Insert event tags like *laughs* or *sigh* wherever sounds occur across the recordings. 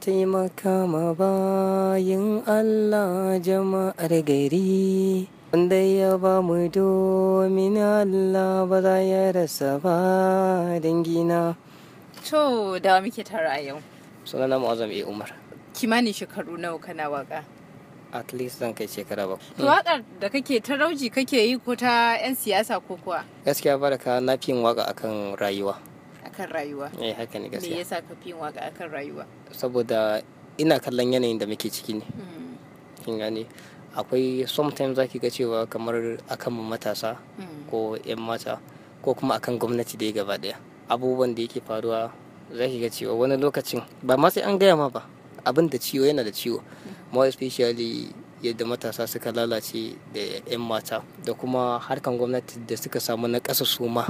taimaka ma bayin Allah jama'ar gari wanda ya ba mu domin Allah ba za ya rasa ba dangina. To da muke tara yau. Sunana Mu'azzam A. Umar. Kimanin shekaru nawa kana waka? At least zan kai shekara ba. To waƙar da kake ta rauji kake yi ko ta 'yan siyasa ko kuwa? Gaskiya baraka na fi waka akan rayuwa. akan rayuwa eh haka ne gaskiya me yasa ka fi waka akan rayuwa saboda ina kallon yanayin da muke ciki ne hmm. kin gane akwai sometimes zaki ga cewa kamar akan matasa hmm. ko yan mata ko kuma akan gwamnati da gaba daya abubuwan da yake faruwa zaki ga cewa wani lokacin ba ma sai an gaya ma ba abin da ciwo yana da ciwo hmm. more especially yadda matasa suka lalace da 'yan mata da kuma harkan gwamnati da suka samu na ƙasa su ma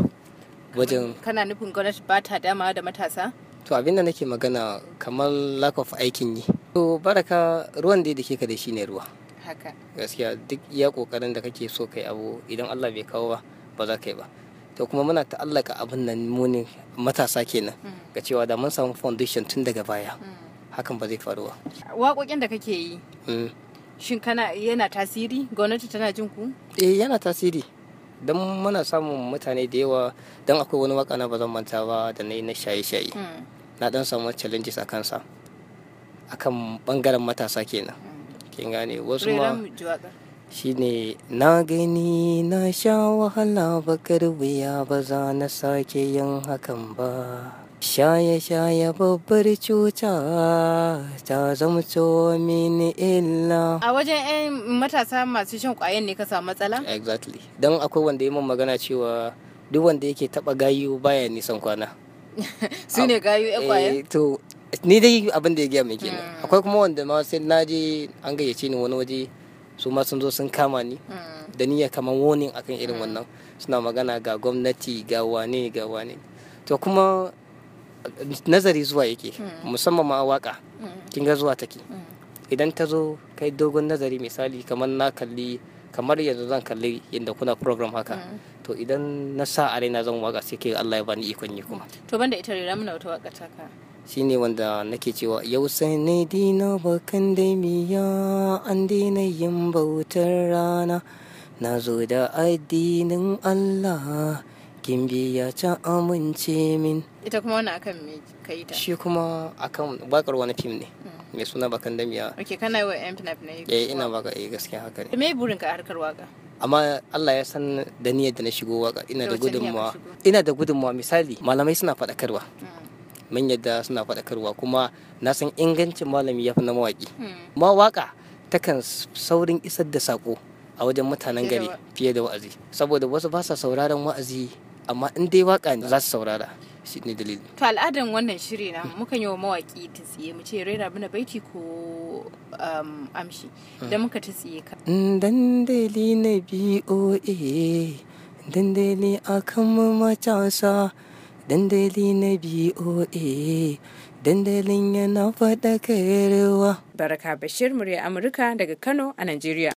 wajen kana nufin gwamnati ba ta dama da matasa to abinda nake magana kamar lack of aikin yi to baraka ruwan da ke ka da shi ne ruwa haka gaskiya duk ya kokarin da kake so kai abu idan Allah bai kawo ba ba za ka yi ba to kuma muna ta'allaka abin nan munin matasa kenan hmm. ga cewa da mun samu foundation tun daga baya hmm. hakan ba zai faru ba waƙoƙin da kake yi hmm. shin kana yana tasiri gwamnati tana jin ku eh yana tasiri don muna samun mutane da yawa don akwai wani waka na ba zan manta ba da na yi na shaye-shaye hmm. na dan samu challenges a kansa akan bangaren matasa kenan hmm. kin gane wasu ma shine na gani na sha wahala bakar wuya ba za na sake yin hakan ba Shaya shaya babbar cuta ta zama zamto mini illa. A wajen 'yan matasa masu shan kwayan ne ka samu matsala? Exactly. Don akwai wanda yi min magana cewa duk wanda yake taba gayu baya nisan kwana. *laughs* Su ne gayu 'yan kwayan? Eh, to, ni dai abin da ya gaya mai kenan. Hmm. Akwai kuma wanda ma sai na je an gayyace ni wani waje su ma sun zo sun kama ni. Hmm. Da niyya kamar warning akan irin hmm. wannan. Suna magana ga gwamnati ga wane ga wane. To kuma nazari zuwa yake hmm. musamman ma waka hmm. kin ga zuwa take hmm. idan ta zo kai dogon nazari misali kamar na kalli kamar yanzu zan kalli yadda kuna program haka to idan na sa a raina zan waka sai kai Allah ya bani ikon yi kuma to banda ita rera muna wata waka shine wanda nake cewa yau ne dina bakan dai miya an dina yin bautar rana na zo da addinin Allah Gimbi ya ta amince min ita kuma wani akan me ka yi ta shi kuma akan bakar wani fim ne hmm. mai suna bakan damiya ok kana yi wa yan fina fina yi. Eh, ina baka yi eh, gaskiya haka ne me burin ka harkar waka amma Allah ya san da niyyar da na shigo waka ina da gudunmawa ina da gudunmawa misali malamai suna faɗakarwa hmm. mun yadda suna faɗakarwa kuma na san ingancin malami ya fi na mawaƙi hmm. Mawaƙa takan saurin isar da sako a wajen mutanen gari fiye da wa'azi saboda wasu ba sa sauraron wa'azi amma in dai waka ne za su saurara shi ne dalili to al'adan wannan shiri na muka yi wa mawaki ta tsiye mu ce raira mana baiti ko um, amshi hmm. da muka ta tsiye ka dandali na boa dandali akan matasa dandali na boa dandalin yana faɗa kayarwa baraka bashir murya amurka daga kano a najeriya